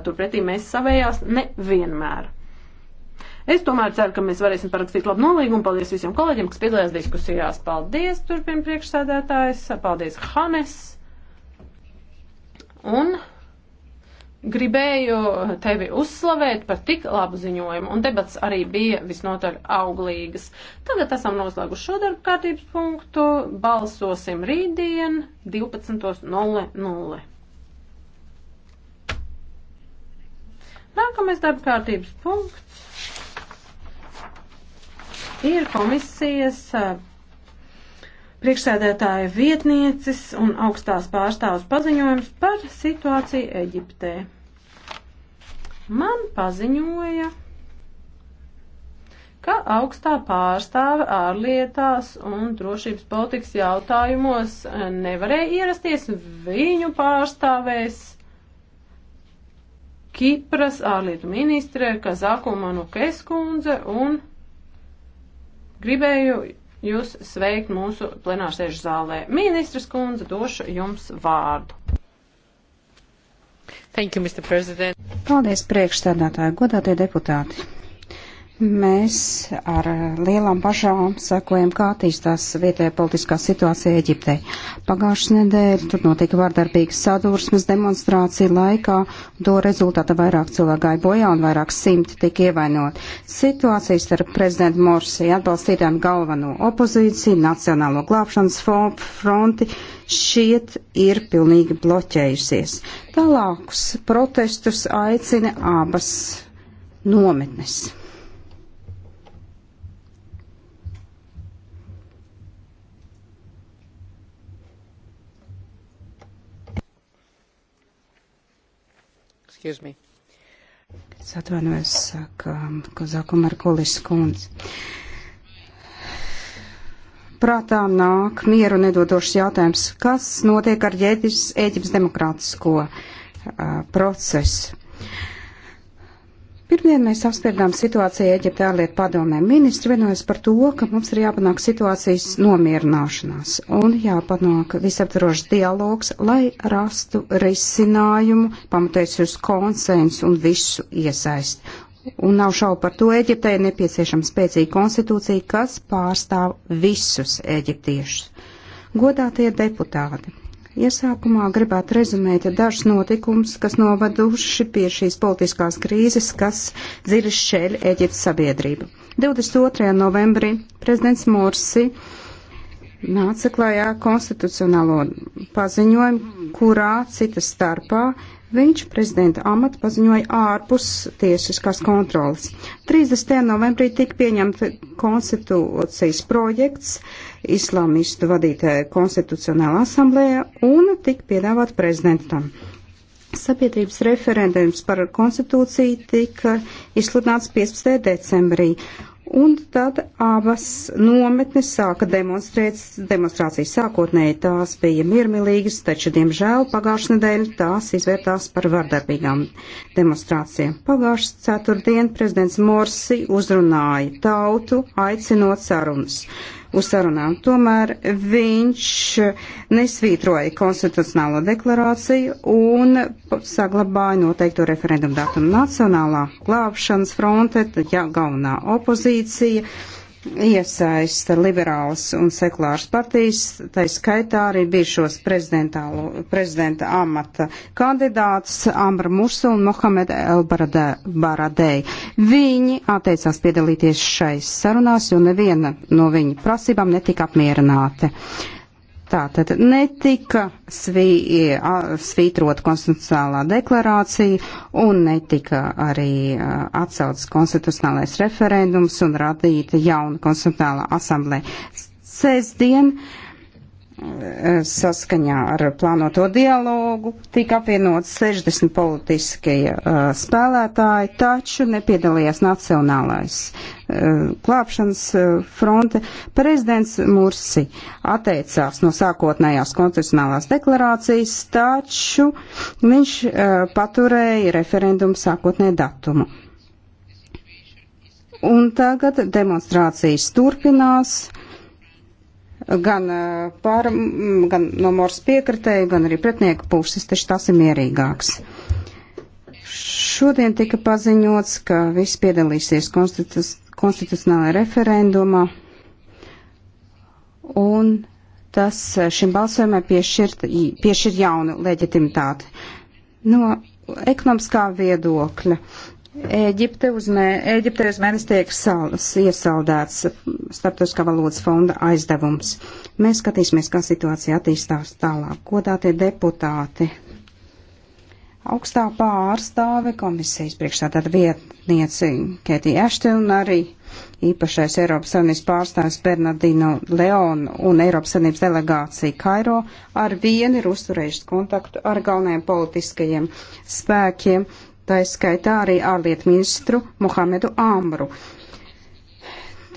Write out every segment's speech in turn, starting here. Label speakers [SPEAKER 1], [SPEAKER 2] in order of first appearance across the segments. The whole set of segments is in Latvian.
[SPEAKER 1] turpretī mēs savējās nevienmēr. Es tomēr ceru, ka mēs varēsim parakstīt labu nolīgumu. Paldies visiem kolēģiem, kas piedalījās diskusijās. Paldies, turpina priekšsēdētājs. Paldies, Hanes. Un gribēju tevi uzslavēt par tik labu ziņojumu, un debats arī bija visnotaļ auglīgas. Tagad esam noslēguši šo darbu kārtības punktu. Balsosim rītdien 12.00. Nākamais darba kārtības punkts ir komisijas priekšsēdētāja vietnieces un augstās pārstāvs paziņojums par situāciju Eģiptē. Man paziņoja, ka augstā pārstāve ārlietās un drošības politikas jautājumos nevarēja ierasties, viņu pārstāvēs Kipras ārlietu ministre Kazakumanu Keskundze un gribēju jūs sveikt mūsu plenārsēžu zālē. Ministras kundze, došu jums vārdu. Thank you, Mr. President.
[SPEAKER 2] Paldies, priekšstādātāji, godātie deputāti. Mēs ar lielām pašām sekojam, kā attīstās vietējā politiskā situācija Eģiptei. Pagājušas nedēļa tur notika vardarbīgas sadursmes demonstrācija laikā, un to rezultātā vairāk cilvēku gāja bojā un vairāk simti tika ievainot. Situācijas ar prezidentu Morsi atbalstītājiem galveno opozīciju, Nacionālo glābšanas fronti šiet ir pilnīgi bloķējusies. Tālākus protestus aicina abas nometnes.
[SPEAKER 3] Excuse
[SPEAKER 4] me.
[SPEAKER 2] Es atvainojos, saka Kozāku Markulis kundze. Prātā nāk mieru nedodošs jautājums, kas notiek ar Ēģiptes demokrātisko uh, procesu. Uh, Pirmdien mēs apspriedām situāciju Eģiptē ārlietu padomē. Ministri vienojas par to, ka mums ir jāpanāk situācijas nomierināšanās un jāpanāk visaptvarošs dialogs, lai rastu risinājumu, pamatojas uz konsensu un visu iesaist. Un nav šaubu par to, Eģiptē ir nepieciešama spēcīga konstitūcija, kas pārstāv visus eģiptiešus. Godātie deputāti! Iesākumā gribētu rezumēt dažus notikumus, kas novaduši pie šīs politiskās krīzes, kas dziļi šķēļ Eģiptes sabiedrību. 22. novembrī prezidents Morsi nāca klajā konstitucionālo paziņojumu, kurā citas starpā viņš prezidenta amatu paziņoja ārpus tiesiskās kontrolas. 30. novembrī tika pieņemta konstitūcijas projekts, uh, islamistu vadītāja konstitucionāla asamblējā un tika piedāvāt prezidentam. Sabiedrības referendums par konstitūciju tika izsludināts 15. decembrī, un tad abas nometnes sāka demonstrēt, demonstrācijas sākotnēji tās bija miermilīgas, taču, diemžēl, pagājušajā nedēļā tās izvērtās par vardarbīgām demonstrācijām. Pagājušas ceturtdien prezidents Morsi uzrunāja tautu, aicinot sarunas uz sarunām. Tomēr viņš nesvītroja konstitucionālo deklarāciju un saglabāja noteikto referendumu datumu Nacionālā glābšanas fronte, ja galvenā opozīcija iesaista liberālas un sekulāras partijas, tai skaitā arī bijušos prezidenta amata kandidāts Amra Musa un Mohamed Elbaradei. Viņi atteicās piedalīties šais sarunās, jo neviena no viņu prasībām netika apmierināta. Tātad netika svī, svītrot konstitucionālā deklarācija un netika arī atcelts konstitucionālais referendums un radīta jauna konstitucionālā asamblē. Sēsdien uh, E, saskaņā ar plānoto dialogu tika apvienot 60 politiskie uh, spēlētāji, taču nepiedalījās Nacionālais uh, e, glābšanas uh, fronte. Prezidents Mursi atteicās no sākotnējās konstitucionālās deklarācijas, taču viņš uh, paturēja referendumu sākotnē datumu. Un tagad demonstrācijas turpinās. Uh, gan, pār, gan no Moras piekritēju, gan arī pretnieku puses, taču tas ir mierīgāks. Šodien tika paziņots, ka viss piedalīsies konstitu, konstitucionālajā referendumā, un tas šim balsojumai piešķir, piešķir jaunu leģitimitāti. No ekonomiskā viedokļa Ēģipte uz, mē, Ēģipte uz mēnesi tiek sals, iesaldēts starptautiskā valodas fonda aizdevums. Mēs skatīsimies, kā situācija attīstās tālāk. Godātie deputāti, augstā pārstāve komisijas priekšstādā vietniece Kētī Ešte un arī īpašais Eiropas Savienības pārstāvis Bernardino Leon un Eiropas Savienības delegācija Kairo ar vienu ir uzturējuši kontaktu ar galvenajiem politiskajiem spēkiem tā skaitā arī ārlietu ministru Mohamedu Āmru.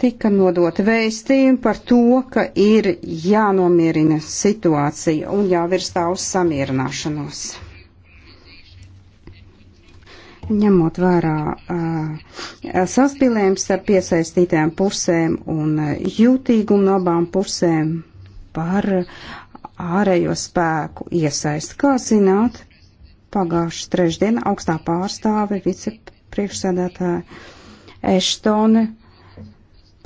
[SPEAKER 2] Tika nodota vēstījumi par to, ka ir jānomierina situācija un jāvirstā uz samierināšanos. Ņemot vērā uh, saspīlējums starp piesaistītajām pusēm un jūtīgumu no abām pusēm par ārējo spēku iesaisti, kā zināt, pagājušas trešdiena augstā pārstāve vicepriekšsēdētāja Eštone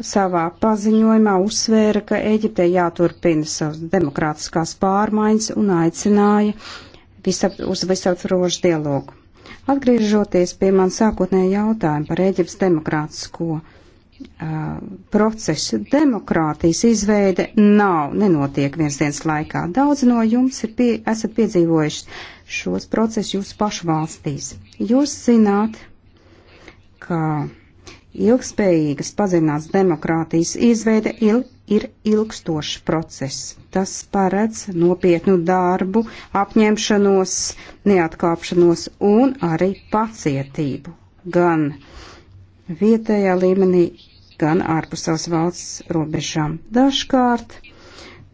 [SPEAKER 2] savā paziņojumā uzsvēra, ka Eģiptē jāturpina savas demokrātiskās pārmaiņas un aicināja visap, uz visaptvarošu dialogu. Atgriežoties pie man sākotnēja jautājuma par Eģiptes demokrātisko uh, procesu, demokrātijas izveide nav, nenotiek viens dienas laikā. Daudz no jums ir pie, esat piedzīvojuši šos procesus jūsu pašu valstīs. Jūs zināt, ka ilgspējīgas padziļināts demokrātijas izveide il, ir ilgstošs process. Tas paredz nopietnu darbu, apņemšanos, neatkāpšanos un arī pacietību gan vietējā līmenī, gan ārpus savas valsts robežām. Dažkārt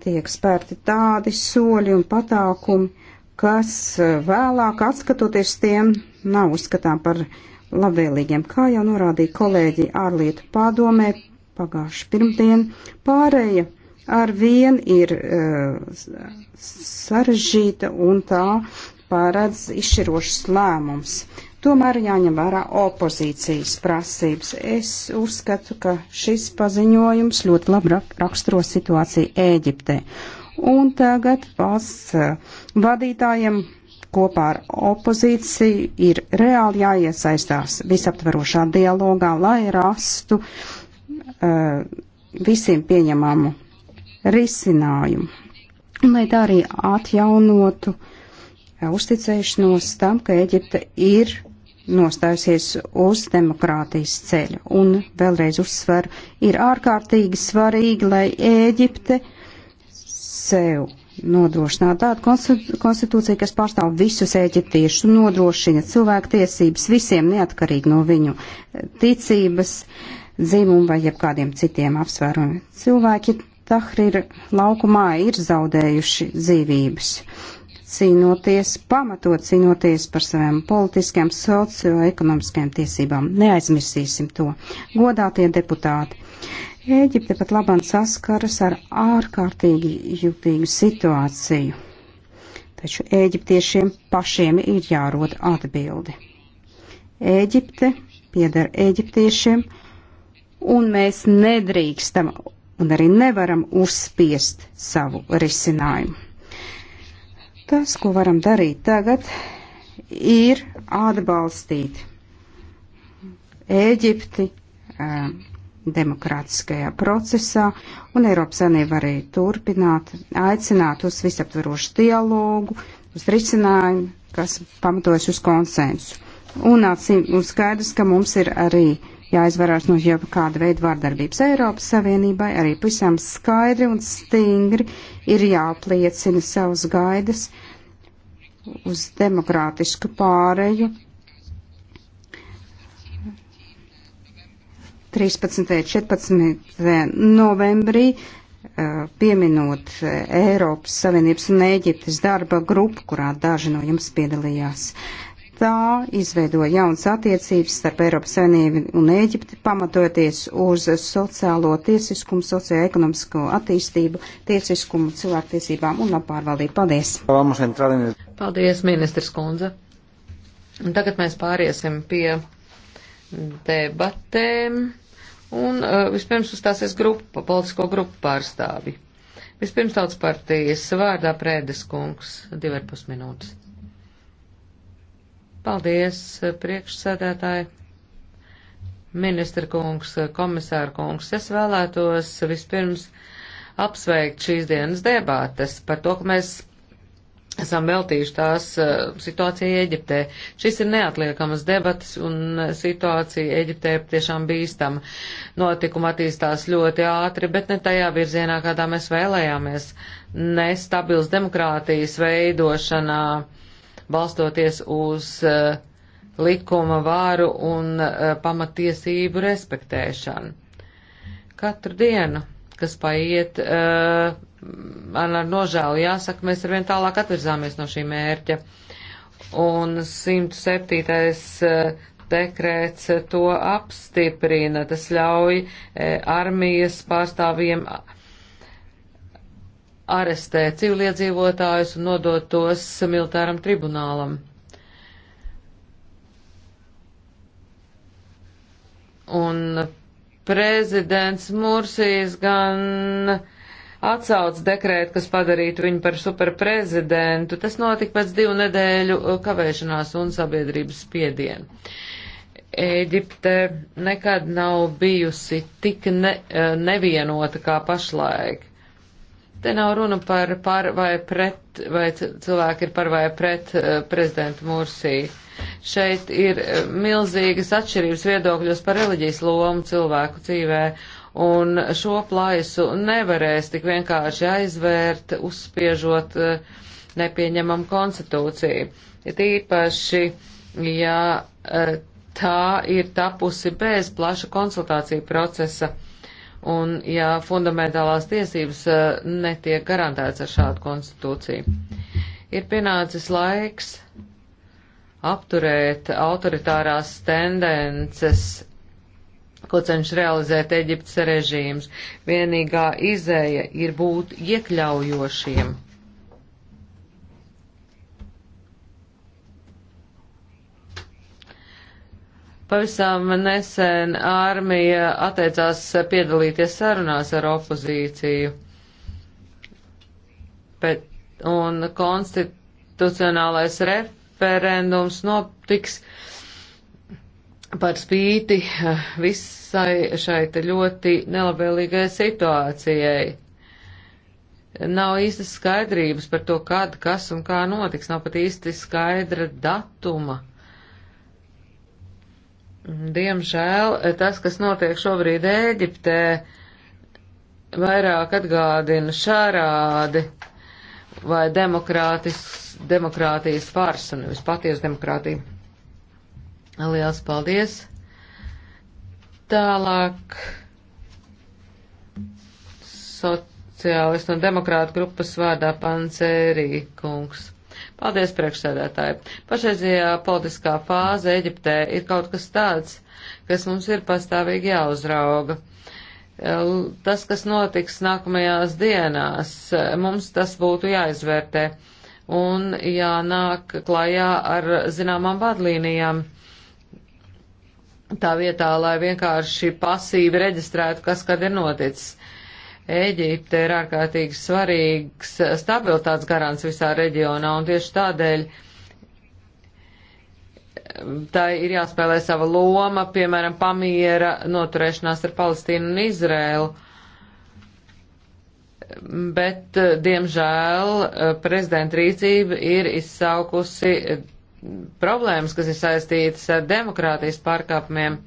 [SPEAKER 2] tiek spērti tādi soļi un patākumi, kas eh, vēlāk atskatoties tiem nav uzskatām par labvēlīgiem. Kā jau norādīja kolēģi ārlietu padomē pagājuši pirmdien, pārēja ar vien ir uh, sarežģīta un tā pārēdz izšķirošas lēmums. Tomēr jāņem vērā opozīcijas prasības. Es uzskatu, ka šis paziņojums ļoti labi raksturo situāciju Ēģiptē un tagad valsts eh, vadītājiem kopā ar opozīciju ir reāli jāiesaistās visaptverošā dialogā, lai rastu uh, visiem pieņemamu risinājumu, lai tā arī atjaunotu uh, uzticēšanos tam, ka Eģipte ir nostājusies uz demokrātijas ceļa. Un vēlreiz uzsveru, ir ārkārtīgi svarīgi, lai Ēģipte uh, sev nodrošināt tādu konstitūciju, kas pārstāv visus eģiptiešus un nodrošina cilvēku tiesības visiem neatkarīgi no viņu eh, ticības, dzimuma vai jebkādiem citiem apsvērumiem. Cilvēki Tahrīra laukumā ir zaudējuši dzīvības, cīnoties, pamatot cīnoties par saviem politiskiem, socioekonomiskiem tiesībām. Neaizmirsīsim to. Godātie deputāti! Ēģipte pat labāk saskaras ar ārkārtīgi jutīgu situāciju, taču ēģiptiešiem pašiem ir jārod atbildi. Ēģipte pieder ēģiptiešiem, un mēs nedrīkstam un arī nevaram uzspiest savu risinājumu. Tas, ko varam darīt tagad, ir atbalstīt Ēģipti, demokrātiskajā procesā, un Eiropas Savienība arī turpināt, aicināt uz visaptvarošu dialogu, uz risinājumu, kas pamatojas uz konsensu. Un, acīm, un skaidrs, ka mums ir arī jāizvarās no jau kāda veida vārdarbības Eiropas Savienībai, arī pavisam skaidri un stingri ir jāpliecina savas gaidas uz demokrātisku pāreju 13. un 14. novembrī eh, pieminot eh, Eiropas Savienības un Ēģiptes darba grupu, kurā daži no jums piedalījās. Tā izveidoja jaunas attiecības starp Eiropas Savienību un Ēģipti, pamatoties uz sociālo tiesiskumu, socioekonomisko attīstību, tiesiskumu, cilvēktiesībām un labpārvaldību. Paldies! Paldies, ministrs Kundze!
[SPEAKER 4] Un tagad mēs pāriesim pie debatēm. Un uh, vispirms uzstāsies grupa, politisko grupu pārstāvi. Vispirms tautas partijas vārdā prēdes kungs, divi ar pus minūtes. Paldies, eh, priekšsēdētāji, ministra kungs, eh, komisāra kungs. Es vēlētos vispirms apsveikt šīs dienas debātes par to, ka mēs esam veltījuši tās eh, situācijai Eģiptē. Šis ir neatliekamas debatas un eh, situācija Eģiptē tiešām bīstama. Notikuma attīstās ļoti ātri, bet ne tajā virzienā, kādā mēs vēlējāmies. Nestabils demokrātijas veidošanā, balstoties uz eh, likuma vāru un pamatiesību respektēšanu. Katru dienu kas paiet, man eh, ar nožēlu jāsaka, mēs arvien tālāk atvirzāmies no šī mērķa. Un 107 eh, dekrēts to apstiprina. Tas ļauj e, armijas pārstāvjiem arestēt civiliedzīvotājus un nodot tos militāram tribunālam. Un prezidents Mursijas gan atsauc dekrētu, kas padarītu viņu par superprezidentu. Tas notika pēc divu nedēļu uh, kavēšanās un sabiedrības spiedienu. Ēģipte nekad nav bijusi tik ne, uh, nevienota kā pašlaik. Te nav runa par par vai pret, vai cilvēki ir par vai pret eh, prezidentu Mursī. Šeit ir eh, milzīgas atšķirības viedokļos par reliģijas lomu cilvēku dzīvē, un šo plaisu nevarēs tik vienkārši aizvērt, uzspiežot eh, nepieņemamu konstitūciju. Ir īpaši, ja tā ir tapusi bez plaša konsultāciju procesa un ja fundamentālās tiesības eh, netiek garantētas ar šādu konstitūciju. Ir pienācis laiks apturēt autoritārās tendences, ko cenš realizēt Eģiptes režīms. Vienīgā izēja ir būt iekļaujošiem. Pavisam nesen armija atteicās piedalīties sarunās ar opozīciju, bet, un konstitucionālais referendums notiks par spīti visai šai ļoti nelabvēlīgai situācijai. Nav īstas skaidrības par to, kad, kas un kā notiks, nav pat īsti skaidra datuma Diemžēl eh, tas, kas notiek šobrīd Ēģiptē, vairāk atgādina šārādi vai demokrātijas farsu, nevis patiesu demokrātiju. Liels paldies! Tālāk sociālistu un demokrātu grupas vārdā Pancērī kungs. Paldies, priekšsēdētāji. Pašreizajā politiskā fāze Eģiptē ir kaut kas tāds, kas mums ir pastāvīgi jāuzrauga. Tas, kas notiks nākamajās dienās, mums tas būtu jāizvērtē un jānāk klajā ar zināmām vadlīnijām tā vietā, lai vienkārši pasīvi reģistrētu, kas kad ir noticis. Ēģipte ir ārkārtīgi svarīgs stabilitātes garants visā reģionā, un tieši tādēļ um, tai ir jāspēlē sava loma, piemēram, pamiera noturēšanās ar Palestīnu un Izrēlu. Bet, uh, diemžēl, uh, prezidenta rīcība ir izsaukusi uh, problēmas, kas ir saistītas ar demokrātijas pārkāpumiem.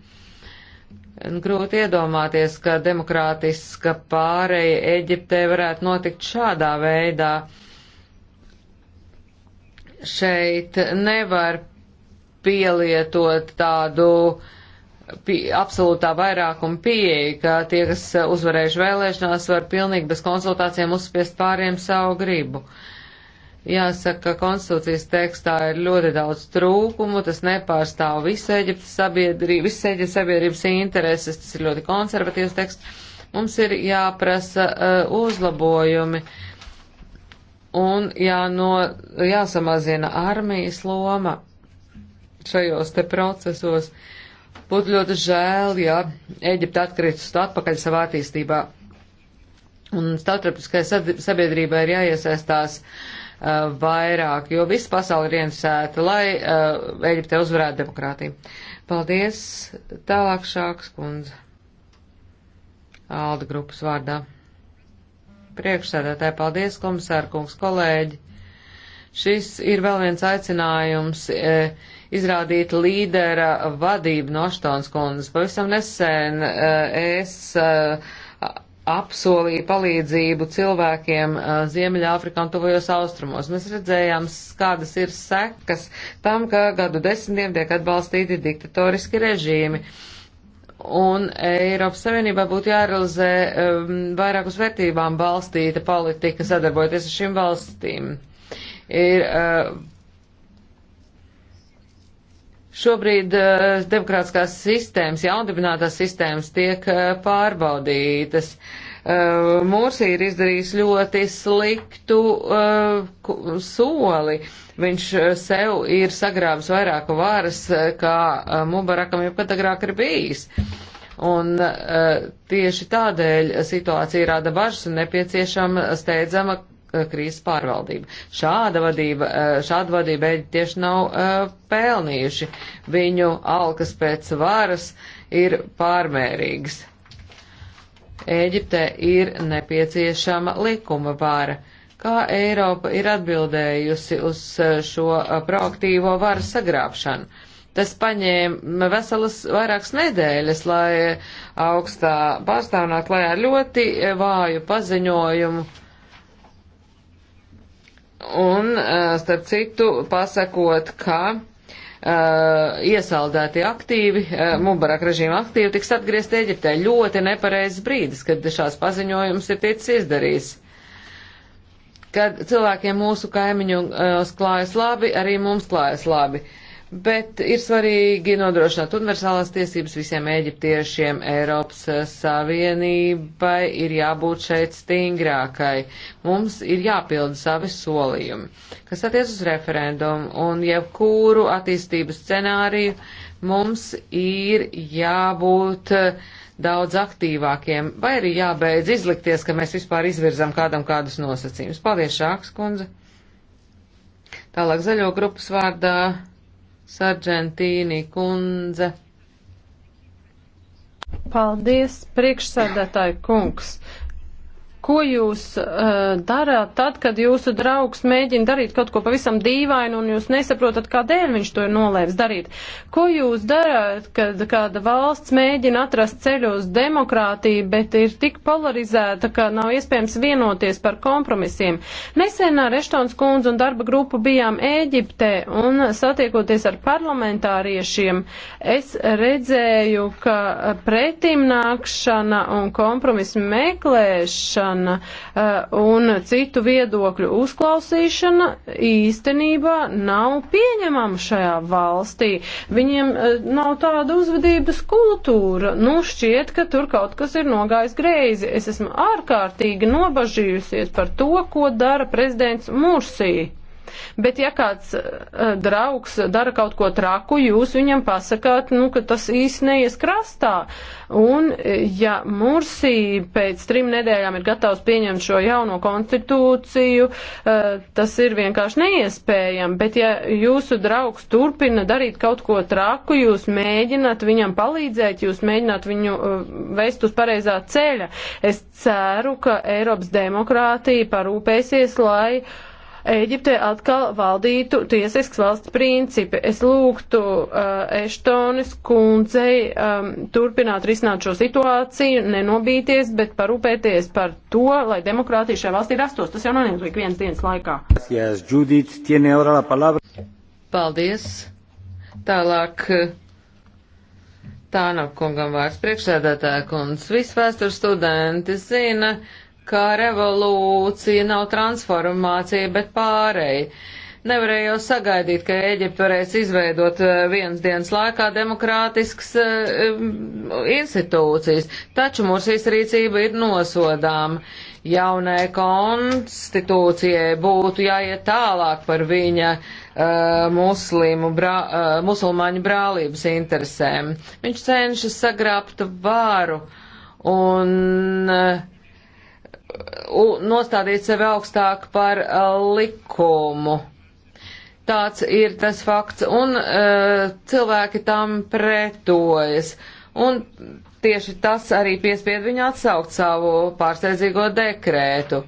[SPEAKER 4] Grūti iedomāties, ka demokrātiska pāreja Eģiptē varētu notikt šādā veidā. Šeit nevar pielietot tādu pie, absolūtā vairākuma pieeja, ka tie, kas uzvarējuši vēlēšanās, var pilnīgi bez konsultācijām uzspiest pāriem savu gribu. Uh, Jāsaka, ka konstitūcijas tekstā ir ļoti daudz trūkumu, tas nepārstāv visu Eģiptes sabiedrību, visu Eģiptes sabiedrības intereses, tas ir ļoti konservatīvs teksts. Mums ir jāprasa uh, uzlabojumi un jāno, jāsamazina armijas loma šajos te procesos. Būtu ļoti žēl, ja Eģipte atkritus atpakaļ savā attīstībā. Un starptautiskai sabiedrībai ir jāiesaistās uh, Uh, vairāk, jo visa pasauli ir iensēta, lai uh, Eģipte uzvarētu demokrātiju. Paldies, tālāk šāks kundze. Alda grupas vārdā. Priekšsēdētāji, paldies, komisārkungs, kolēģi. Šis ir vēl viens aicinājums e, izrādīt līdera vadību no Aštons kundzes. Pavisam nesen e, es. E, apsolīja palīdzību cilvēkiem uh, Ziemeļāfrikā un tuvajos austrumos. Mēs redzējām, kādas ir sekas tam, ka gadu desmitiem tiek atbalstīti diktatoriski režīmi. Un Eiropas Savienībā būtu jārealizē um, vairāk uz vērtībām balstīta politika, sadarbojoties ar šīm valstīm. Ir uh, Šobrīd uh, demokrātiskās sistēmas, jaundibinātās sistēmas tiek uh, pārbaudītas. Uh, eh, Mūrsī ir izdarījis ļoti sliktu soli. Viņš sev ir sagrābis vairāk varas, kā Mubarakam jebkad agrāk ir bijis. Un tieši tādēļ situācija rada bažas un nepieciešama steidzama Eh, krīzes pārvaldību. Šāda vadība, eh, šāda vadība eļi tieši nav eh, pelnījuši. Viņu alkas pēc varas ir pārmērīgas. Ēģipte ir nepieciešama likuma vāra. Kā Eiropa ir atbildējusi uz šo proaktīvo varu sagrābšanu? Tas paņēma veselas vairākas nedēļas, lai augstā pārstāvnāk klājā ļoti vāju paziņojumu Un, eh, starp citu, pasakot, ka uh, eh, iesaldētie aktīvi, uh, Mubarak režīma aktīvi tiks atgriezt Eģiptē. Ļoti nepareizs brīdis, kad šās paziņojums ir ticis izdarījis. Kad cilvēkiem mūsu kaimiņu uh, klājas labi, arī mums klājas labi. Uh, Bet ir svarīgi nodrošināt universālās tiesības visiem eģiptiešiem. Eiropas eh, Savienībai ir jābūt šeit stingrākai. Mums ir jāpilda savi solījumi, kas attiec uz referendumu un jebkuru attīstības scenāriju. Mums ir jābūt eh, daudz aktīvākiem, vai arī jābeidz izlikties, ka mēs vispār izvirzam kādam kādus nosacījumus. Paldies, Šāks kundze! Tālāk zaļo grupas vārdā Sargentīni
[SPEAKER 1] kundze. Paldies, priekšsēdētāji kungs. Ko jūs uh, darāt tad, kad jūsu draugs mēģina darīt kaut ko pavisam dīvainu un jūs nesaprotat, kādēļ viņš to ir nolēms darīt? Ko jūs darāt, kad kāda valsts mēģina atrast ceļu uz demokrātiju, bet ir tik polarizēta, ka nav iespējams vienoties par kompromisiem? Nesenā Reštons kundze un darba grupa bijām Ēģiptē un satiekoties ar parlamentāriešiem, es redzēju, ka pretimnākšana un kompromisa meklēšana izteikšana eh, un citu viedokļu uzklausīšana īstenībā nav pieņemama šajā valstī. Viņiem eh, nav tāda uzvedības kultūra. Nu, šķiet, ka tur kaut kas ir nogājis greizi. Es esmu ārkārtīgi nobažījusies par to, ko dara prezidents Mursī. Bet ja kāds uh, draugs dara kaut ko traku, jūs viņam pasakāt, nu, ka tas īsti neies krastā. Un eh, ja Mursī pēc trim nedēļām ir gatavs pieņemt šo jauno konstitūciju, uh, tas ir vienkārši neiespējami. Bet ja jūsu draugs turpina darīt kaut ko traku, jūs mēģināt viņam palīdzēt, jūs mēģināt viņu uh, vest uz pareizā ceļa. Es ceru, ka Eiropas demokrātija parūpēsies, lai uh, Eģiptē atkal valdītu tiesisks valsts principi. Es lūgtu uh, eh, Eštonis kundzei um, turpināt risināt šo situāciju, nenobīties, bet parūpēties par to, lai demokrātija šajā valstī rastos. Tas jau nenotiek vienas dienas laikā.
[SPEAKER 3] Yes, Judith,
[SPEAKER 1] Paldies. Tālāk. Eh,
[SPEAKER 4] Tānakungam vārds priekšsēdētāja kundze. Viss vēstures studenti zina, uh, ka revolūcija nav transformācija, bet pārēja. Nevarēja jau sagaidīt, ka Eģipte varēs izveidot eh, vienas dienas laikā demokrātiskas eh, institūcijas, taču Mursijas rīcība ir nosodām. Jaunai konstitūcijai būtu jāiet tālāk par viņa eh, muslimu, brā, musulmaņu brālības interesēm. Viņš cenšas sagrābt varu un uh, nostādīt sevi augstāk par uh, likumu. Tāds ir tas fakts, un uh, cilvēki tam pretojas. Un tieši tas arī piespied viņu atsaukt savu pārsteidzīgo dekrētu.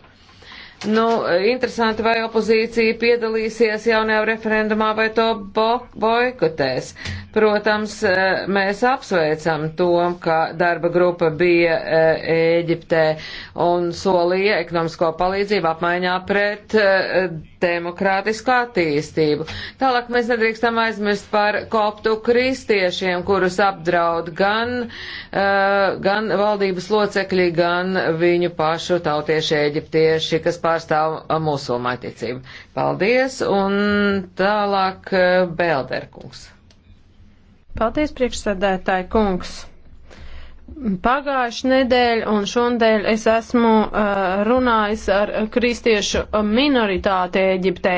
[SPEAKER 4] Nu, interesanti, vai opozīcija piedalīsies jaunajā referendumā vai to bo boikotēs. Protams, eh, mēs apsveicam to, ka darba grupa bija eh, Ēģiptē un solīja ekonomisko palīdzību apmaiņā pret eh, demokrātisku attīstību. Tālāk mēs nedrīkstam aizmirst par koptu kristiešiem, kurus apdraud gan, uh, gan valdības locekļi, gan viņu pašu tautieši eģiptieši, kas pārstāv musulmaņu ticību.
[SPEAKER 1] Paldies, un tālāk eh, Belderkungs. Paldies, priekšsēdētāji kungs. Pagājuši nedēļ un šonadēļ es esmu uh, runājis ar kristiešu minoritāti Eģiptē,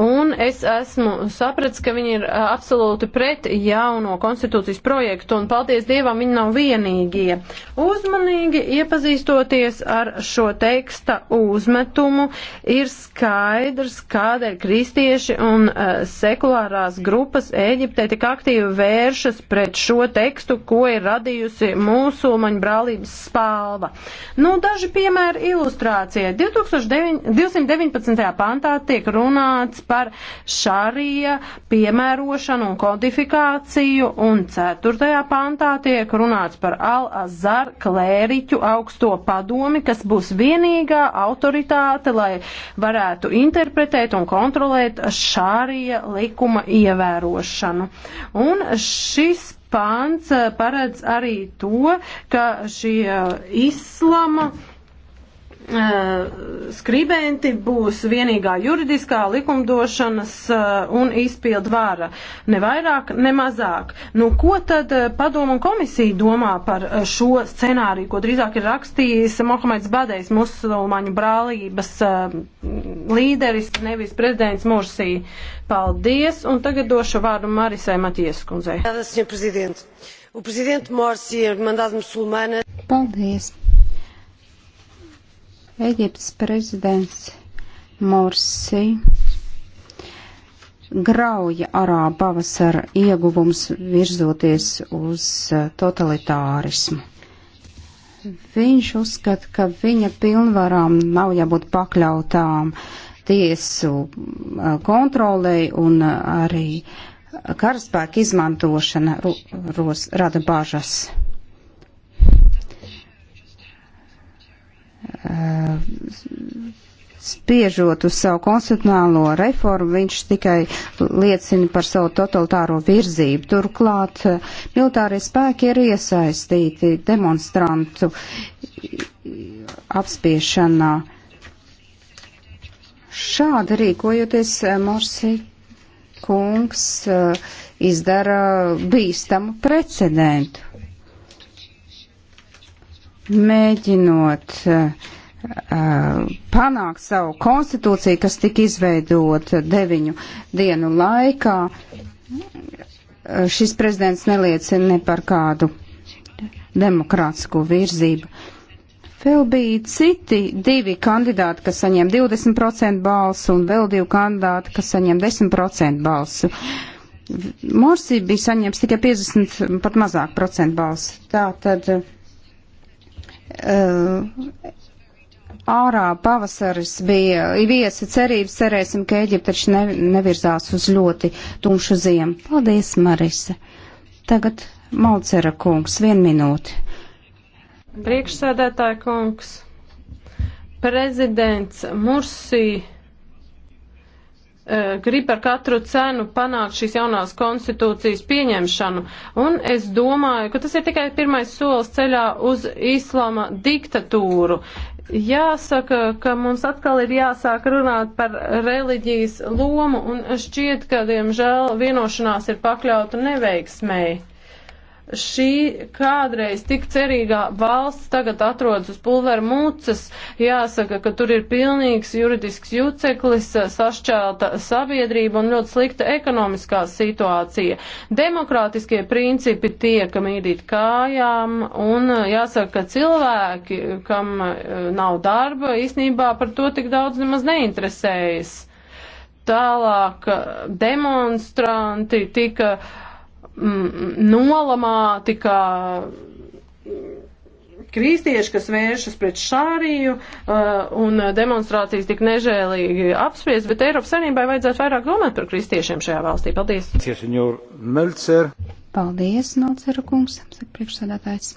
[SPEAKER 1] un es esmu sapratis, ka viņi ir uh, absolūti pret jauno konstitūcijas projektu, un paldies Dievam, viņi nav vienīgie. Uzmanīgi iepazīstoties ar šo teksta uzmetumu, ir skaidrs, kādēļ kristieši un uh, sekulārās grupas Eģiptē tik aktīvi vēršas pret šo tekstu, ko ir radījusi mūsu musulmaņu brālības spalva. Nu, daži piemēri ilustrācijai. 219. pantā tiek runāts par šarija piemērošanu un kodifikāciju, un 4. pantā tiek runāts par Al-Azhar klēriķu augsto padomi, kas būs vienīgā autoritāte, lai varētu interpretēt un kontrolēt šārija likuma ievērošanu. Un šis pāns eh, paredz arī to, ka šie eh, islama. Mm Eh, skribenti būs vienīgā juridiskā likumdošanas eh, un izpildu vāra. Ne vairāk, ne mazāk. Nu, ko tad eh, padomu un komisija domā par šo scenāriju, ko drīzāk ir rakstījis Mohameds Badejs, musulmaņu brālības līderis, nevis prezidents Mursī? Paldies, un tagad došu vārdu Marisai Matieskundzei. Paldies,
[SPEAKER 2] Eģiptes prezidents Morsi grauja arā pavasara ieguvums virzoties uz eh, totalitārismu. Viņš uzskata, ka viņa pilnvarām nav jābūt pakļautām tiesu eh, kontrolei un eh, arī karaspēka izmantošana ros, rada bažas. Uh, spiežot uz savu konstitucionālo reformu, viņš tikai liecina par savu totalitāro virzību. Turklāt uh, militārie spēki ir iesaistīti demonstrantu apspiešanā. Šādi rīkojoties, uh, Morsi kungs izdara bīstamu precedentu mēģinot uh, panākt savu konstitūciju, kas tika izveidota deviņu dienu laikā. Uh, šis prezidents neliecina ne par kādu demokrātisku virzību. Vēl bija citi divi kandidāti, kas saņem 20% balsu, un vēl divi kandidāti, kas saņem 10% balsu. Morsi bija saņēmis tikai 50, pat mazāk procentu balsu. Tā tad. Uh, Eh, ārā pavasaris bija viesa cerības, cerēsim, ka Eģipte taču ne, nevirzās uz ļoti tumšu ziemu. Paldies, Marise. Tagad Malcera kungs, vien minūti.
[SPEAKER 1] Priekšsēdētāja kungs, prezidents Mursī Eh, grib par katru cenu panākt šīs jaunās konstitūcijas pieņemšanu. Un es domāju, ka tas ir tikai pirmais solis ceļā uz islama diktatūru. Jāsaka, ka mums atkal ir jāsāk runāt par reliģijas lomu un šķiet, ka, diemžēl, vienošanās ir pakļauta neveiksmēji šī kādreiz tik cerīgā valsts tagad atrodas uz pulvera mūcas. Jāsaka, ka tur ir pilnīgs juridisks juceklis, sašķelta sabiedrība un ļoti slikta ekonomiskā situācija. Demokrātiskie principi tiek mīdīt kājām un jāsaka, ka cilvēki, kam e, nav darba, īsnībā par to tik daudz nemaz neinteresējas. Tālāk e, demonstranti tika uh, Mm, nolamāti, kā mm, kristieši, kas vēršas pret šāriju uh, un demonstrācijas tik nežēlīgi apspriest, bet Eiropas Savienībai vajadzētu vairāk domāt par kristiešiem šajā valstī. Paldies!
[SPEAKER 3] Paldies, Nolcera kungs, saka
[SPEAKER 2] priekšsēdētājs.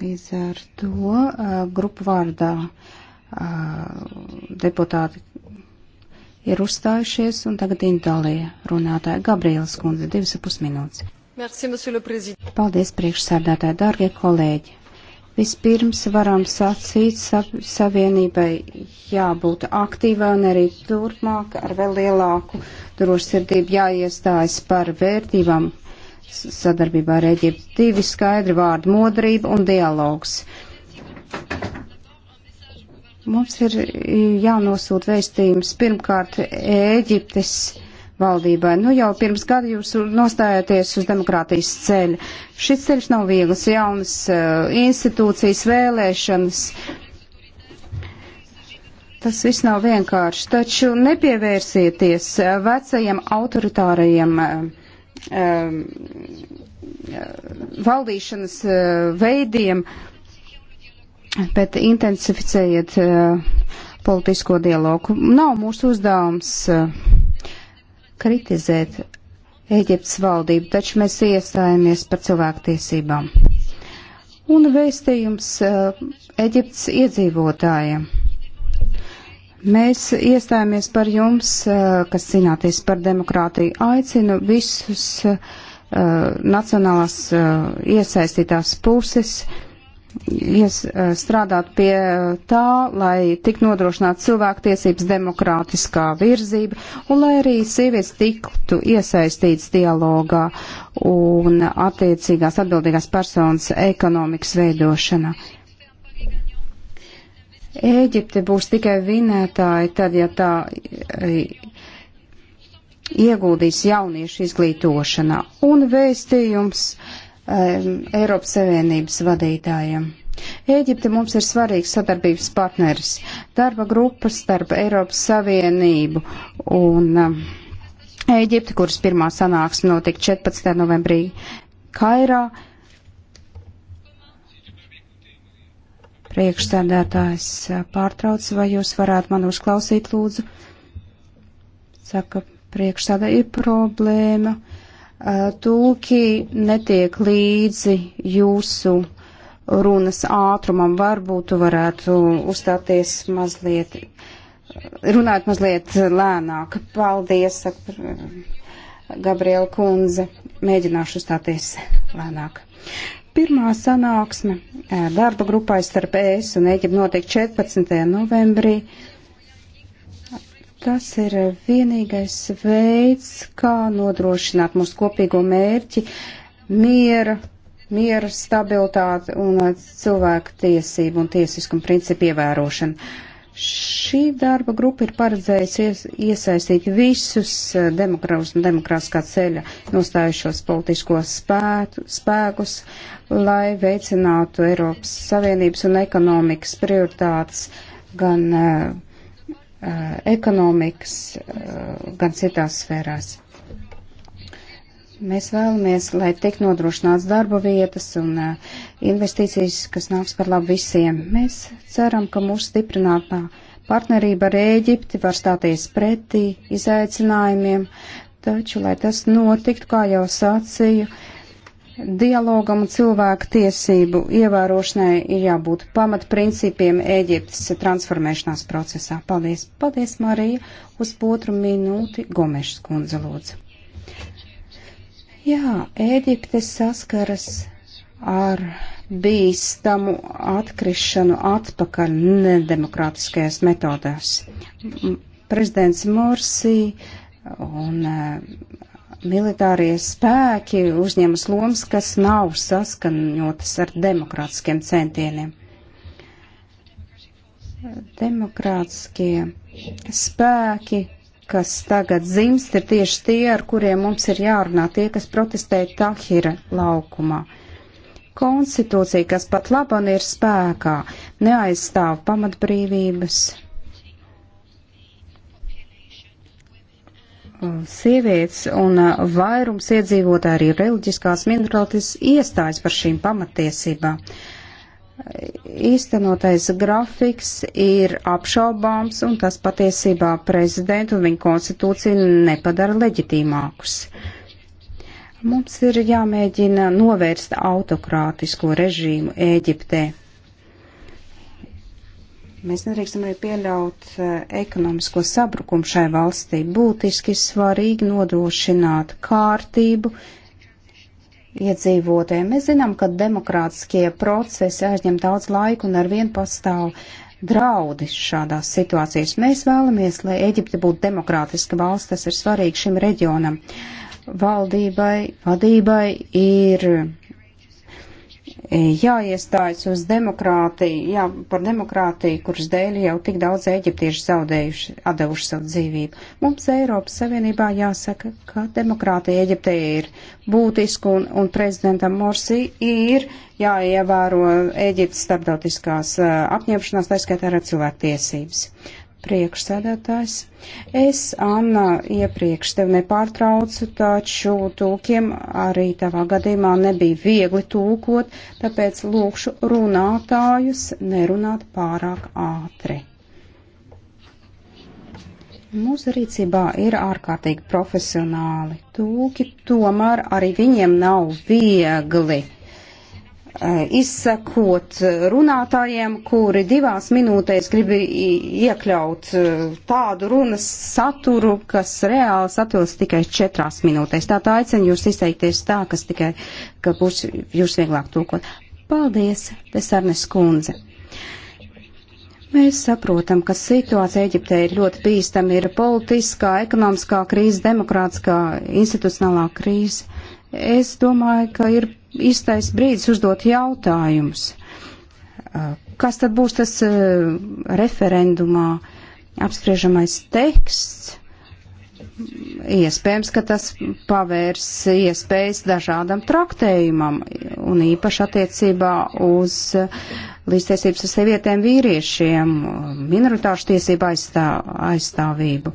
[SPEAKER 2] Līdz ar to uh, grupu vārdā uh, deputāti, ir uzstājušies, un tagad indalīja runātāja Gabrielas kundze, divas ap pusminūtes. Paldies, priekšsēdētāji, dārgie kolēģi! Vispirms varam sacīt, sa savienībai jābūt aktīvai un arī turpmāk ar vēl lielāku drošsirdību jāiestājas par vērtībām sadarbībā ar Eģiptu. Divi skaidri vārdi - modrība un dialogs. Uh, Mums ir jānosūta vēstījums pirmkārt Ēģiptes valdībai. Nu jau pirms gada jūs nostājāties uz demokrātijas ceļa. Šis ceļš nav viegls, jaunas uh, institūcijas, vēlēšanas. Tas viss nav vienkārši, taču nepievērsieties e, vecajiem autoritārajiem uh, uh, valdīšanas uh, veidiem. Uh, bet intensificējiet uh, politisko dialogu. Nav mūsu uzdevums uh, kritizēt Eģiptes valdību, taču mēs iestājamies par cilvēktiesībām. Un vēstījums uh, Eģiptes iedzīvotājiem. Mēs iestājamies par jums, kas cīnāties par demokrātiju. Aicinu visus uh, nacionālās uh, iesaistītās puses uh, ies, strādāt pie tā, lai tik nodrošināt cilvēktiesības demokrātiskā virzība un lai arī sievietes tiktu iesaistītas dialogā un attiecīgās atbildīgās personas ekonomikas veidošanā. Ēģipte būs tikai vinētāji tad, ja tā ieguldīs jauniešu izglītošanā un vēstījums. Uh, Um, Eiropas Savienības vadītājiem. Ēģipte mums ir svarīgs sadarbības partneris. Darba grupas starp Eiropas Savienību un um, Ēģipti, kuras pirmā sanāksme notika 14. novembrī Kairā. Priekšstādātājs uh, pārtrauc, vai jūs varētu man uzklausīt, lūdzu? Saka, priekšstādā ir problēma. Uh, Eh, tūki netiek līdzi jūsu runas ātrumam. Varbūt tu varētu uzstāties mazliet, runāt mazliet lēnāk. Paldies, saka eh, Gabriela kundze. Mēģināšu uzstāties lēnāk. Pirmā sanāksme eh, darba grupai starp ES un Eģiptu notiek 14. novembrī. Tas ir vienīgais veids, kā nodrošināt mūsu kopīgo mērķi - miera, miera stabilitāti un uh, cilvēku tiesību un tiesiskumu principu ievērošanu. Šī darba grupa ir paredzējusi ies, iesaistīt visus uh, demokrātiskā ceļa nostājušos politiskos spētu, spēkus, lai veicinātu Eiropas Savienības un ekonomikas prioritātes gan uh, Eh, ekonomikas, eh, gan citās sfērās. Mēs vēlamies, lai tiek nodrošināts darba vietas un eh, investīcijas, kas nāks par labu visiem. Mēs ceram, ka mūsu stiprinātā partnerība ar Ēģipti var stāties pretī izaicinājumiem, taču, lai tas notiktu, kā jau sacīju, uh, Dialogam un cilvēku tiesību ievērošanai ir jābūt pamatprincipiem Ēģiptes transformēšanās procesā. Paldies, paldies, Marija. Uz otru minūti Gomešs kundze lūdzu. Jā, Ēģipte saskaras ar bīstamu atkrišanu atpakaļ nedemokrātiskajās metodās. Prezidents Morsī un eh, militārie spēki uzņemas lomas, kas nav saskaņotas ar demokrātiskiem centieniem. Demokrātiskie spēki, kas tagad dzimst, ir tieši tie, ar kuriem mums ir jārunā, tie, kas protestē Tahira laukumā. Konstitūcija, kas pat laban ir spēkā, neaizstāv pamatbrīvības sievietes un uh, vairums iedzīvotāji arī reliģiskās minoritātes iestājas par šīm pamatiesībām. Īstenotais grafiks ir apšaubāms un tas patiesībā prezidentu un viņa konstitūciju nepadara leģitīmākus. Mums ir jāmēģina novērst autokrātisko režīmu Ēģiptē. Mēs nedrīkstam arī pieļaut eh, ekonomisko sabrukumu šai valstī. Būtiski svarīgi nodrošināt kārtību iedzīvotēm. Mēs zinām, ka demokrātiskie procesi aizņem daudz laiku un ar vienu pastāv draudi šādās situācijās. Mēs vēlamies, lai Eģipte būtu demokrātiska valsts, tas ir svarīgi šim reģionam. Valdībai, vadībai ir jāiestājas uz demokrātiju, jā, par demokrātiju, kuras dēļ jau tik daudz eģiptieši zaudējuši, atdevuši savu dzīvību. Mums Eiropas Savienībā jāsaka, ka demokrātija Eģiptē ir būtiska un, un prezidentam Morsi ir jāievēro Eģiptes starptautiskās apņemšanās, tā skaitā arī cilvēktiesības priekšsēdētājs. Es, Anna, iepriekš tev nepārtraucu, taču tūkiem arī tavā gadījumā nebija viegli tūkot, tāpēc lūkšu runātājus nerunāt pārāk ātri. Mūsu rīcībā ir ārkārtīgi profesionāli tūki, tomēr arī viņiem nav viegli Eh, izsekot eh, runātājiem, kuri divās minūtēs grib iekļaut eh, tādu runas saturu, kas reāli satilst tikai četrās minūtēs. Tā tā aicinu jūs izteikties tā, kas tikai, ka būs jūs vieglāk tūkot. Paldies, Desarnes kundze. Mēs saprotam, ka situācija Eģiptē ir ļoti bīstama, ir politiskā, ekonomiskā krīze, demokrātiskā, institucionālā krīze Es domāju, ka ir īstais brīdis uzdot jautājumus. Kas tad būs tas referendumā apspriežamais teksts? Iespējams, ka tas pavērs iespējas dažādam traktējumam un īpaši attiecībā uz līdztiesības ar sievietēm vīriešiem, minoritāšu tiesību aizstā, aizstāvību,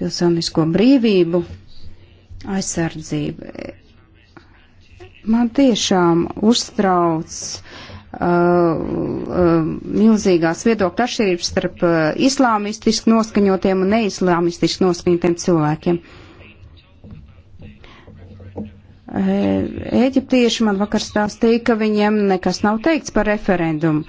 [SPEAKER 2] pilsonisko brīvību aizsardzība. Man tiešām uztrauc uh, uh, milzīgās viedokļa atšķirības starp uh, islāmistiski noskaņotiem un neislāmistiski noskaņotiem cilvēkiem. Ēģiptieši uh, man vakar stāstīja, ka viņiem nekas nav teikts par referendumu.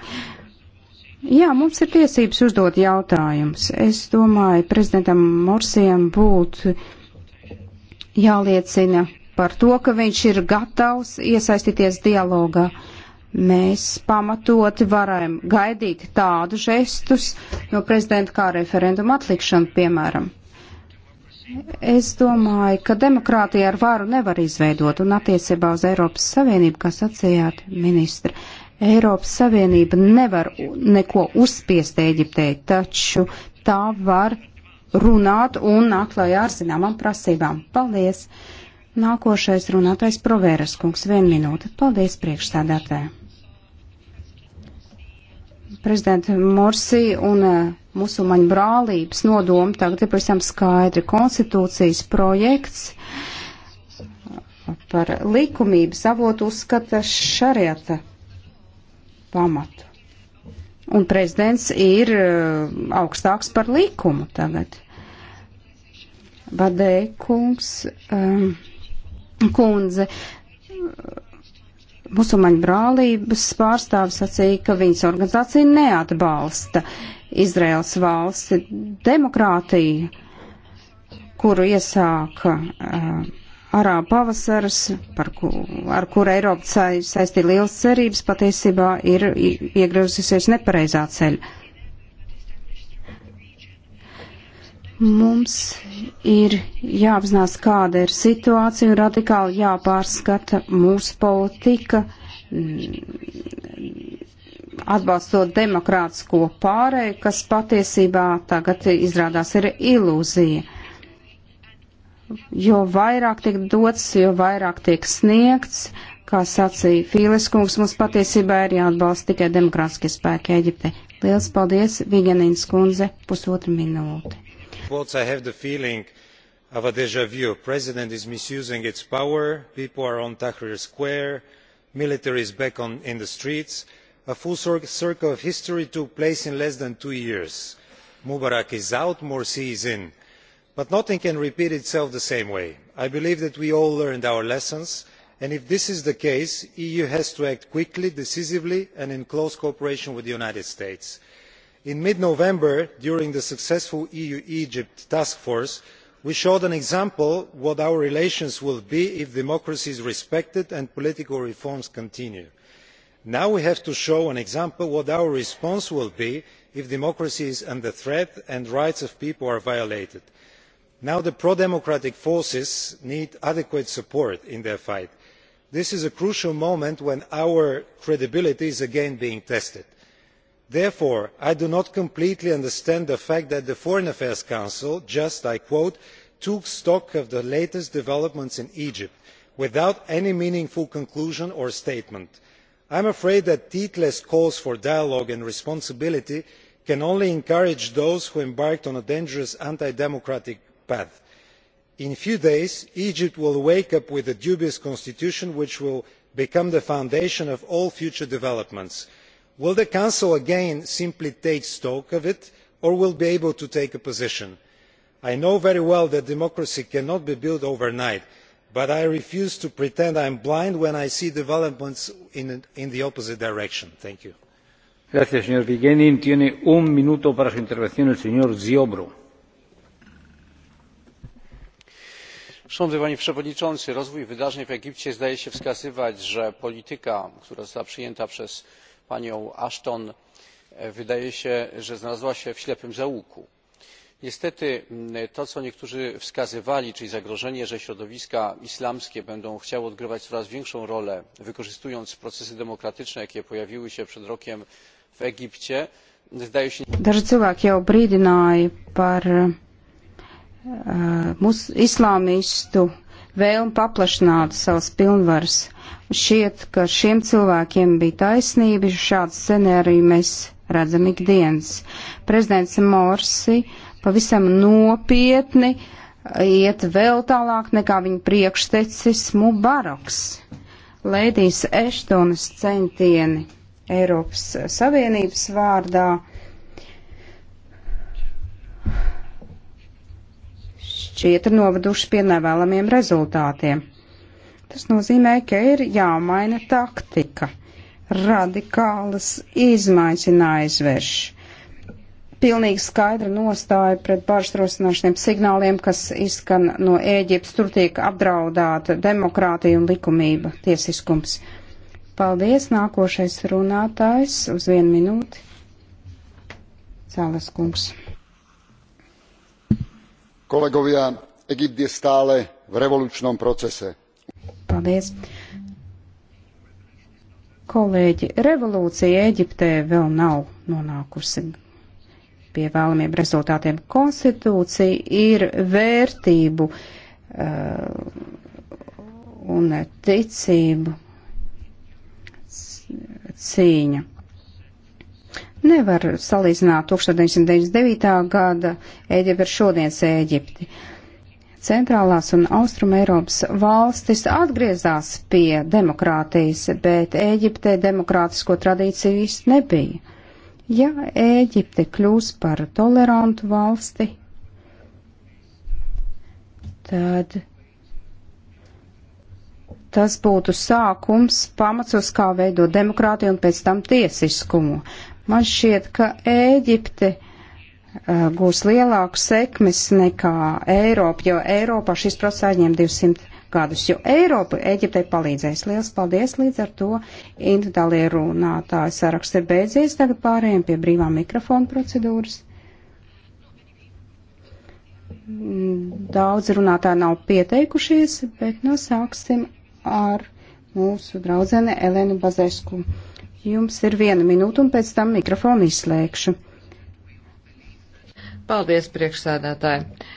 [SPEAKER 2] Jā, mums ir tiesības uzdot jautājumus. Es domāju, prezidentam Morsiem būtu. Uh, jāliecina par to, ka viņš ir gatavs iesaistīties dialogā. Mēs pamatoti varam gaidīt tādu žestus no prezidenta kā referenduma atlikšanu, piemēram. Es domāju, ka demokrātija ar varu nevar izveidot, un attiecībā uz Eiropas Savienību, kā sacījāt, ministra, Eiropas Savienība nevar neko uzspiest Eģiptei, taču tā var runāt un nākt klajā ar zināmām prasībām. Paldies! Nākošais runātais provēras kungs, viena minūte. Paldies priekšsādātē. Prezidenta Morsi un eh, musulmaņu brālības nodomi tagad ir pavisam skaidri konstitūcijas projekts par likumību savotu uzskata šarieta pamatu. Un prezidents ir eh, augstāks par likumu tagad. Badē kungs, um, kundze, musulmaņu brālības pārstāvis sacīja, ka viņas organizācija neatbalsta Izraels valsti demokrātiju, kuru iesāka. Um, uh, Arābu pavasaras, par ku, ar kuru Eiropa saistīja liels cerības, patiesībā ir iegriezusies nepareizā ceļa. Mums ir jāapzinās, kāda ir situācija un radikāli jāpārskata mūsu politika, mm, atbalstot demokrātisko pārēju, kas patiesībā tagad izrādās ir ilūzija. Jo vairāk tiek dots, jo vairāk tiek sniegts, kā sacīja Fīles kungs, mums patiesībā ir jāatbalsta tikai demokrātiskie spēki Eģipte. Liels paldies, Vigenīns kundze, pusotra minūte
[SPEAKER 3] quotes i have the feeling of a dj vu the president is misusing its power people are on tahrir square the military is back in the streets a full circle of history took place in less than two years. mubarak is out morsi is in but nothing can repeat itself the same way. i believe that we all learned our lessons and if this is the case the eu has to act quickly decisively and in close cooperation with the united states in mid november during the successful eu egypt task force we showed an example of what our relations will be if democracy is respected and political reforms continue. now we have to show an example of what our response will be if democracy is under threat and the rights of people are violated. now the pro democratic forces need adequate support in their fight. this is a crucial moment when our credibility is again being tested therefore i do not completely understand the fact that the foreign affairs council just i quote took stock of the latest developments in egypt without any meaningful conclusion or statement. i am afraid that heedless calls for dialogue and responsibility can only encourage those who embarked on a dangerous anti democratic path. in a few days egypt will wake up with a dubious constitution which will become the foundation of all future developments will the council again simply take stock of it or will it be able to take a position? i know very well that democracy cannot be built overnight but i refuse to pretend i am blind when i see developments in the opposite direction. thank you. Gracias, señor Vigenin. Tiene un minuto para su intervención el señor Ziobro. Szanowny Panie Przewodniczący! Rozwój wydarzeń w Egipcie zdaje się wskazywać, że polityka, która została przyjęta przez panią ashton e,
[SPEAKER 2] wydaje się że znalazła się w ślepym zaułku. niestety to co niektórzy wskazywali czyli zagrożenie że środowiska islamskie będą chciały odgrywać coraz większą rolę wykorzystując procesy demokratyczne jakie pojawiły się przed rokiem w egipcie zdaje się. daži cilvēki jau brīdināja par uh, mus, islāmistu vēlmu paplašināt savas pilnvaras. Šiet, ka šiem cilvēkiem bija taisnība, šādu scenēriju mēs redzam ikdienas. Prezidents Morsi pavisam nopietni iet vēl tālāk nekā viņa priekštecis Mubaraks. Lēdijas Eštonas centieni Eiropas Savienības vārdā šķiet ir novaduši pie nevēlamiem rezultātiem. Tas nozīmē, ka ir jāmaina taktika. Radikālas izmaiņas ir jāizvērš. Pilnīgi skaidra nostāja pret bažas rosināšaniem signāliem, kas izskan no Ēģiptes. Tur tiek apdraudāta demokrātija un likumība, tiesiskums. Paldies, nākošais runātājs uz vienu minūti. Cēlas kungs.
[SPEAKER 3] Kolegovia, Egypt je stále v revolučnom procese.
[SPEAKER 2] Paldies. Kolēģi, revolūcija Eģiptē vēl nav nonākusi pie vēlamiem rezultātiem. Konstitūcija ir vērtību uh, un ticību cīņa. Nevar salīdzināt 1999. gada Eģipti ar šodienas Eģipti. Centrālās un Austrum Eiropas valstis atgriezās pie demokrātijas, bet Eģiptē demokrātisko tradīciju īsti nebija. Ja Ēģipte kļūs par tolerantu valsti, tad tas būtu sākums, pamats, uz kā veidot demokrātiju un pēc tam tiesiskumu. Man šķiet, ka Ēģipte uh, gūs lielāku sekmes nekā Eiropa, jo Eiropā šis process aizņem 200 gadus, jo Eiropa Eģiptei palīdzēs. Liels paldies, līdz ar to individuālie runātāji saraksts ir beidzies, tagad pārējiem pie brīvā mikrofona procedūras. Daudz runātāji nav pieteikušies, bet nosāksim nu ar mūsu draudzene Elenu Bazesku. Jums ir viena minūte un pēc tam mikrofonu izslēgšu.
[SPEAKER 4] Paldies, priekšsēdētāji.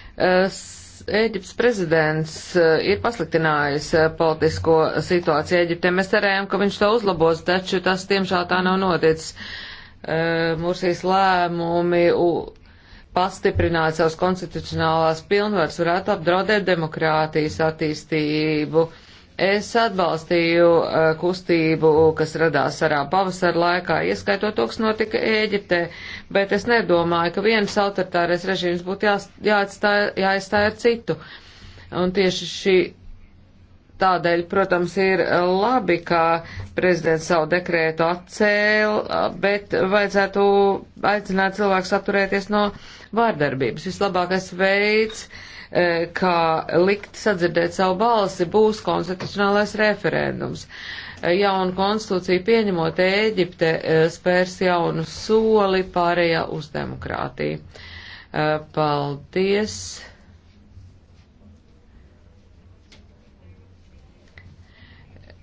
[SPEAKER 4] Ēģipts prezidents eh, ir pasliktinājis eh, politisko situāciju Ēģiptē. Mēs cerējām, ka viņš to uzlabos, taču tas tiemžēl tā nav noticis. Eh, Mursijas lēmumi pastiprināt savas konstitucionālās pilnvaras varētu apdraudēt demokrātijas attīstību. Uh, Es atbalstīju uh, kustību, kas radās arā pavasara laikā, ieskaitot to, kas notika Ēģiptē, bet es nedomāju, ka viens autoritārais režīms būtu jā, jāatstāj, jāaizstāj ar citu. Un tieši šī Tādēļ, protams, ir labi, ka prezidents savu dekrētu atcēla, bet vajadzētu aicināt cilvēkus atturēties no vārdarbības. Vislabākais veids, e, kā likt sadzirdēt savu balsi, būs konstitucionālais referendums. E, jaunu konstitūciju pieņemot Ēģipte e, spērs jaunu soli pārējā uz demokrātiju. Paldies!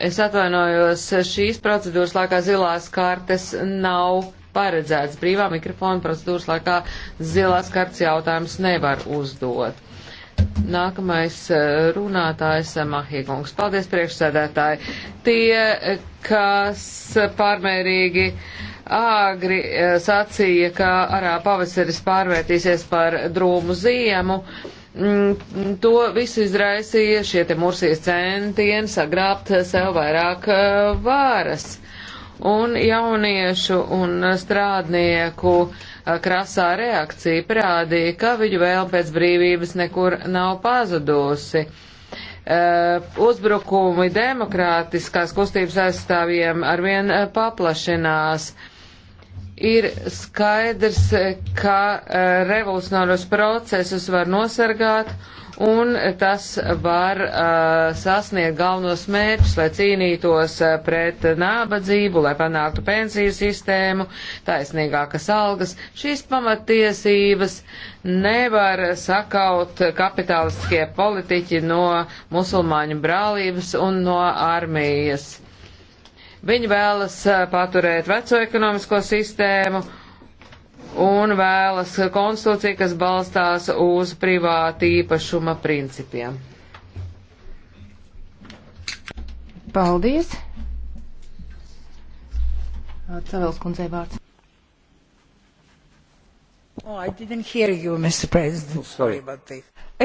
[SPEAKER 4] Es atvainojos, šīs procedūras laikā zilās kartes nav paredzēts. Brīvā mikrofona procedūras laikā zilās kartes jautājums nevar uzdot. Nākamais eh, runātājs eh, Mahīkungs. Paldies priekšsēdētāji. Tie, kas pārmērīgi āgri eh, sacīja, ka arā pavasaris pārvērtīsies par drūmu ziemu, uh, Mm, to visu izraisīja šie te Mursijas centieni sagrābt sev vairāk eh, vāras. Un jauniešu un strādnieku eh, krasā reakcija parādīja, ka viņu vēl pēc brīvības nekur nav pazudusi. Eh, uzbrukumi demokrātiskās kustības aizstāvjiem arvien paplašinās ir skaidrs, ka uh, revolucionāros procesus var nosargāt un tas var uh, sasniegt galvenos mērķus, lai cīnītos uh, pret nabadzību, lai panāktu pensiju sistēmu, taisnīgākas algas. Šīs pamatiesības nevar sakaut kapitalistiskie politiķi no musulmaņu brālības un no armijas. Viņi vēlas eh, paturēt veco ekonomisko sistēmu un vēlas konstitūciju, kas balstās uz privāta īpašuma principiem.
[SPEAKER 2] Paldies! Cavels kundzei vārds. Oh, you, oh, sorry.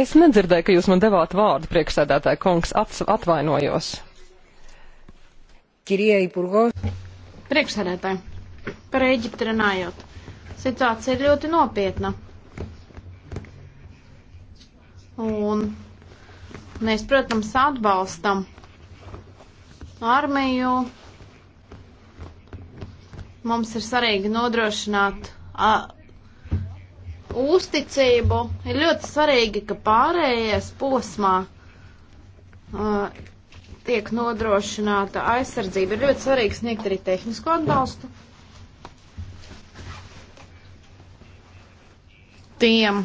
[SPEAKER 2] es
[SPEAKER 5] nedzirdēju, ka jūs man devāt vārdu, priekšsēdētāja kungs, atvainojos.
[SPEAKER 6] Κυρία Υπουργό. Priekšsēdētāji, par Eģipti runājot, situācija ir ļoti nopietna. Un mēs, protams, atbalstam armiju. Mums ir svarīgi nodrošināt a, uzticību. Ir ļoti svarīgi, ka pārējais posmā a, tiek nodrošināta aizsardzība. Ir ļoti svarīgi sniegt arī tehnisko atbalstu tiem,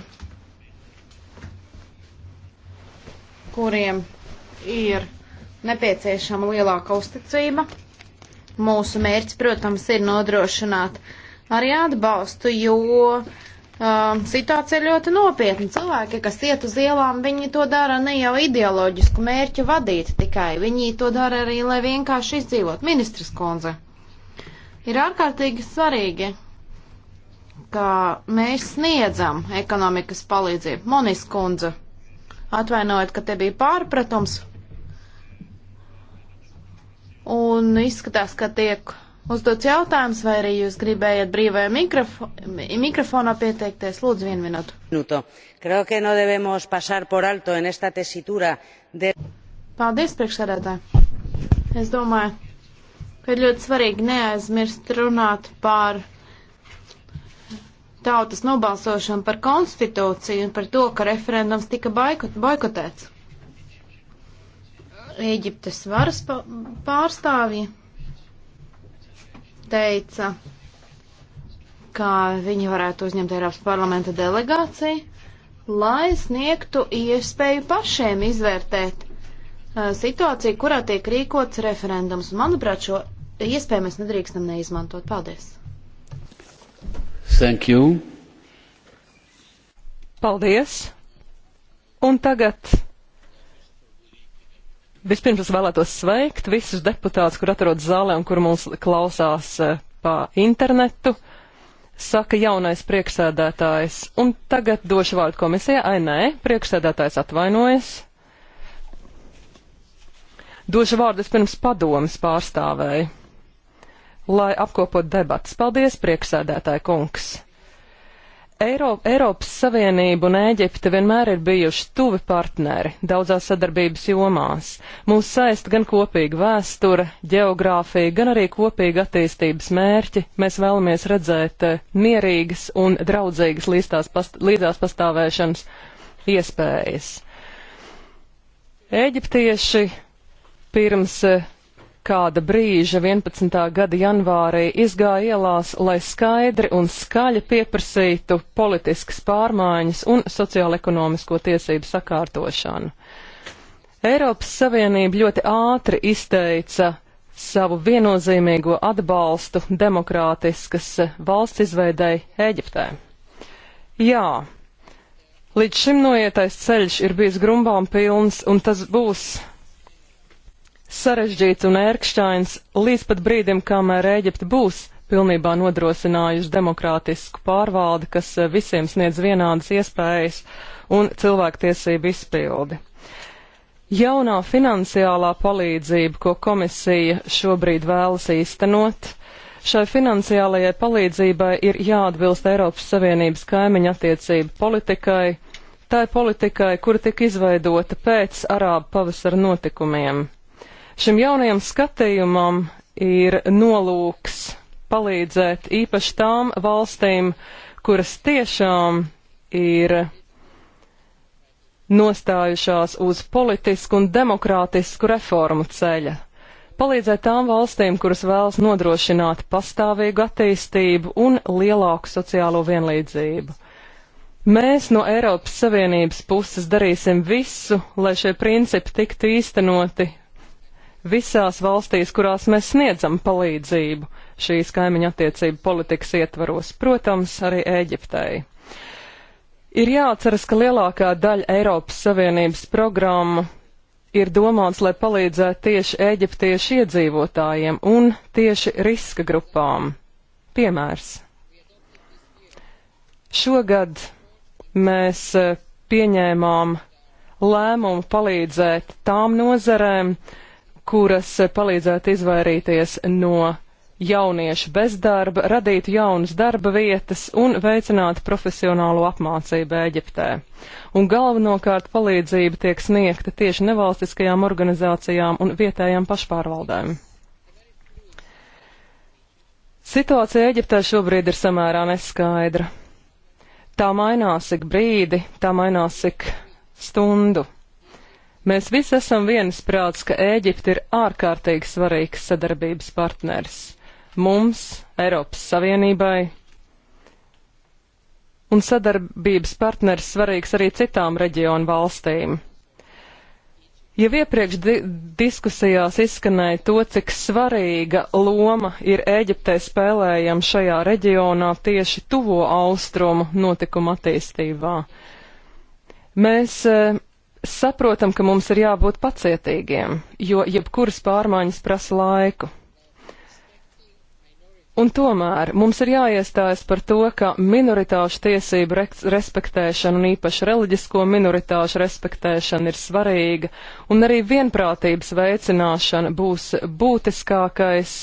[SPEAKER 6] kuriem ir nepieciešama lielāka uzticība. Mūsu mērķis, protams, ir nodrošināt arī atbalstu, jo Uh, situācija ir ļoti nopietna. Cilvēki, kas iet uz ielām, viņi to dara ne jau ideoloģisku mērķu vadīt tikai, viņi to dara arī, lai vienkārši izdzīvot. Ministras kundze, ir ārkārtīgi svarīgi, ka mēs sniedzam ekonomikas palīdzību. Monis kundze, atvainojiet, ka te bija pārpratums. Un izskatās, ka tiek uzdots jautājums, vai arī jūs gribējat brīvajā mikrofo mikrofonā pieteikties. Lūdzu, vienu minūtu.
[SPEAKER 1] Minuto. Creo que no debemos pasar
[SPEAKER 6] por alto en esta tesitura de... Paldies, priekšsēdētāji. Es domāju, ka ir ļoti svarīgi neaizmirst runāt par tautas nobalsošanu par konstitūciju un par to, ka referendums tika boikotēts. Ēģiptes varas pārstāvji teica, ka viņi varētu uzņemt Eiropas parlamenta delegāciju, lai sniegtu iespēju pašiem izvērtēt uh, situāciju, kurā tiek rīkots referendums. Manuprāt, šo iespēju mēs nedrīkstam neizmantot. Paldies! Thank you! Paldies!
[SPEAKER 5] Un tagad Vispirms es vēlētos sveikt visus deputātus, kur atrodas zālē un kur mums klausās eh, pa internetu, saka jaunais priekšsēdētājs. Un tagad došu vārdu komisijai. Ai, nē, priekšsēdētājs atvainojas. Došu vārdu vispirms padomas pārstāvēji, lai apkopot debatas. Paldies, priekšsēdētāja kungs! Eiro, Eiropas Savienība un Ēģipte vienmēr ir bijuši tuvi partneri daudzās sadarbības jomās. Mūs saist gan kopīga vēsture, geogrāfija, gan arī kopīga attīstības mērķi. Mēs vēlamies redzēt eh, mierīgas un draudzīgas past, līdzās pastāvēšanas iespējas. Ēģiptieši pirms eh, kāda brīža 11. gada janvārī izgāja ielās, lai skaidri un skaļi pieprasītu politiskas pārmaiņas un sociālekonomisko tiesību sakārtošanu. Eiropas Savienība ļoti ātri izteica savu viennozīmīgo atbalstu demokrātiskas valsts izveidai Eģiptē. Jā, līdz šim noietais ceļš ir bijis grumbām pilns, un tas būs sarežģīts un ērkšķains līdz pat brīdim, kamēr Ēģipte būs pilnībā nodrošinājusi demokrātisku pārvaldi, kas eh, visiem sniedz vienādas iespējas un cilvēktiesību izpildi. Jaunā finansiālā palīdzība, ko komisija šobrīd vēlas īstenot, šai finansiālajai palīdzībai ir jāatbilst Eiropas Savienības kaimiņa attiecību politikai, tai politikai, kura tika izveidota pēc Arābu pavasara notikumiem. Šim jaunajam skatījumam ir nolūks palīdzēt īpaši tām valstīm, kuras tiešām ir nostājušās uz politisku un demokrātisku reformu ceļa. Palīdzēt tām valstīm, kuras vēlas nodrošināt pastāvīgu attīstību un lielāku sociālo vienlīdzību. Mēs no Eiropas Savienības puses darīsim visu, lai šie principi tiktu īstenoti visās valstīs, kurās mēs sniedzam palīdzību šīs kaimiņa attiecību politikas ietvaros, protams, arī Ēģiptei. Ir jāatceras, ka lielākā daļa Eiropas Savienības programmu ir domāts, lai palīdzētu tieši eģiptiešu iedzīvotājiem un tieši riska grupām. Piemērs. Šogad mēs eh, pieņēmām lēmumu palīdzēt tām nozerēm, kuras palīdzētu izvairīties no jauniešu bezdarba, radītu jaunas darba vietas un veicinātu profesionālo apmācību Eģiptē. Un galvenokārt palīdzība tiek sniegta tieši nevalstiskajām organizācijām un vietējām pašpārvaldēm. Situācija Eģiptē šobrīd ir samērā neskaidra. Tā mainās ik brīdi, tā mainās ik stundu. Mēs visi esam viensprāts, ka Ēģipte ir ārkārtīgi svarīgs sadarbības partners mums, Eiropas Savienībai, un sadarbības partners svarīgs arī citām reģionu valstīm. Jau iepriekš di diskusijās izskanēja to, cik svarīga loma ir Ēģiptē spēlējama šajā reģionā tieši tuvo austrumu notikumu attīstībā. Mēs eh, saprotam, ka mums ir jābūt pacietīgiem, jo jebkuras pārmaiņas prasa laiku. Un tomēr mums ir jāiestājas par to, ka minoritāšu tiesību respektēšana un īpaši reliģisko minoritāšu respektēšana ir svarīga, un arī vienprātības veicināšana būs būtiskākais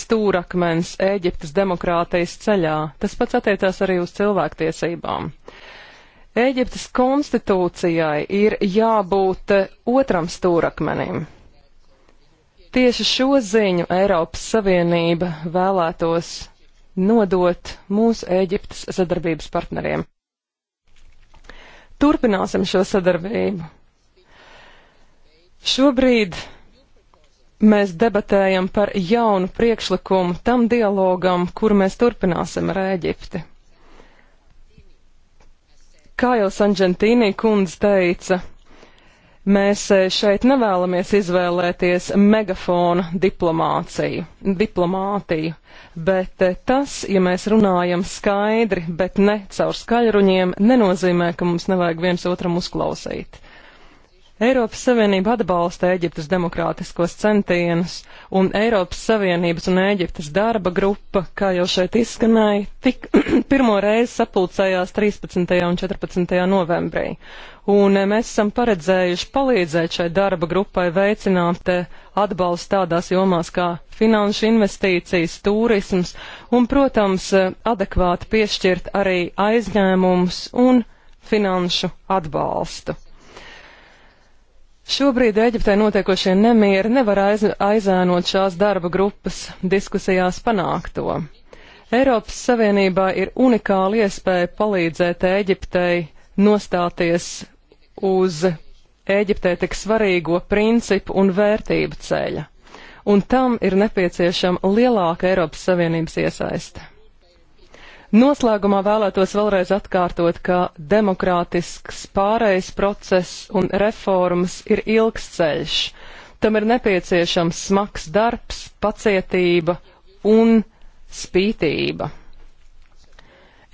[SPEAKER 5] stūrakmens Ēģiptes demokrātijas ceļā. Tas pats attiecās arī uz cilvēktiesībām. Ēģiptes konstitūcijai ir jābūt eh, otram stūrakmenim. Tieši šo ziņu Eiropas Savienība vēlētos nodot mūsu Ēģiptes sadarbības partneriem. Turpināsim šo sadarbību. Šobrīd mēs debatējam par jaunu priekšlikumu tam dialogam, kuru mēs turpināsim ar Ēģipti. Kā jau Sanģentīnī kundze teica, mēs e, šeit nevēlamies izvēlēties megafona diplomāciju, diplomātiju, bet e, tas, ja mēs runājam skaidri, bet ne caur skaļruņiem, nenozīmē, ka mums nevajag viens otram uzklausīt. Eiropas Savienība atbalsta Eģiptes demokrātiskos centienus, un Eiropas Savienības un Eģiptes darba grupa, kā jau šeit izskanēja, tik pirmo reizi sapulcējās 13. un 14. novembrī. Un eh, mēs esam paredzējuši palīdzēt šai darba grupai veicināt eh, atbalstu tādās jomās kā finanšu investīcijas, turisms un, protams, eh, adekvāti piešķirt arī aizņēmumus un finanšu atbalstu. Šobrīd Eģiptē notiekošie nemieri nevar aiz, aizēnot šās darba grupas diskusijās panākto. Eiropas Savienībā ir unikāla iespēja palīdzēt Eģiptei nostāties uz Eģiptē tik svarīgo principu un vērtību ceļa, un tam ir nepieciešama lielāka Eiropas Savienības iesaiste. Noslēgumā vēlētos vēlreiz atkārtot, ka demokrātisks pārējais process un reformas ir ilgs ceļš. Tam ir nepieciešams smags darbs, pacietība un spītība.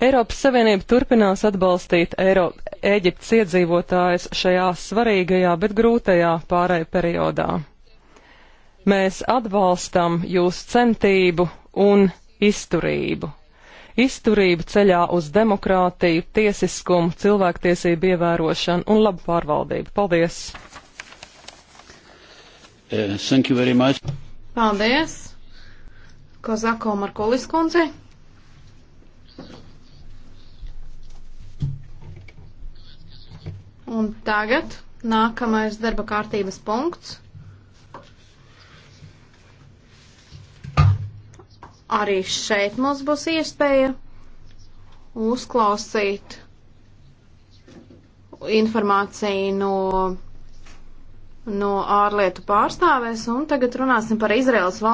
[SPEAKER 5] Eiropas Savienība turpinās atbalstīt Eiro, Eģiptes iedzīvotājus šajā svarīgajā, bet grūtajā pārēju periodā. Mēs atbalstam jūsu centību un izturību izturību ceļā uz demokrātiju, tiesiskumu, cilvēktiesību ievērošanu un labu
[SPEAKER 6] pārvaldību. Paldies! Uh, Paldies! Kozako Markolis kundze. Un tagad nākamais darba kārtības punkts. Arī šeit mums būs iespēja uzklausīt informāciju no, no ārlietu pārstāvēs, un tagad runāsim par
[SPEAKER 4] Izraels valsts.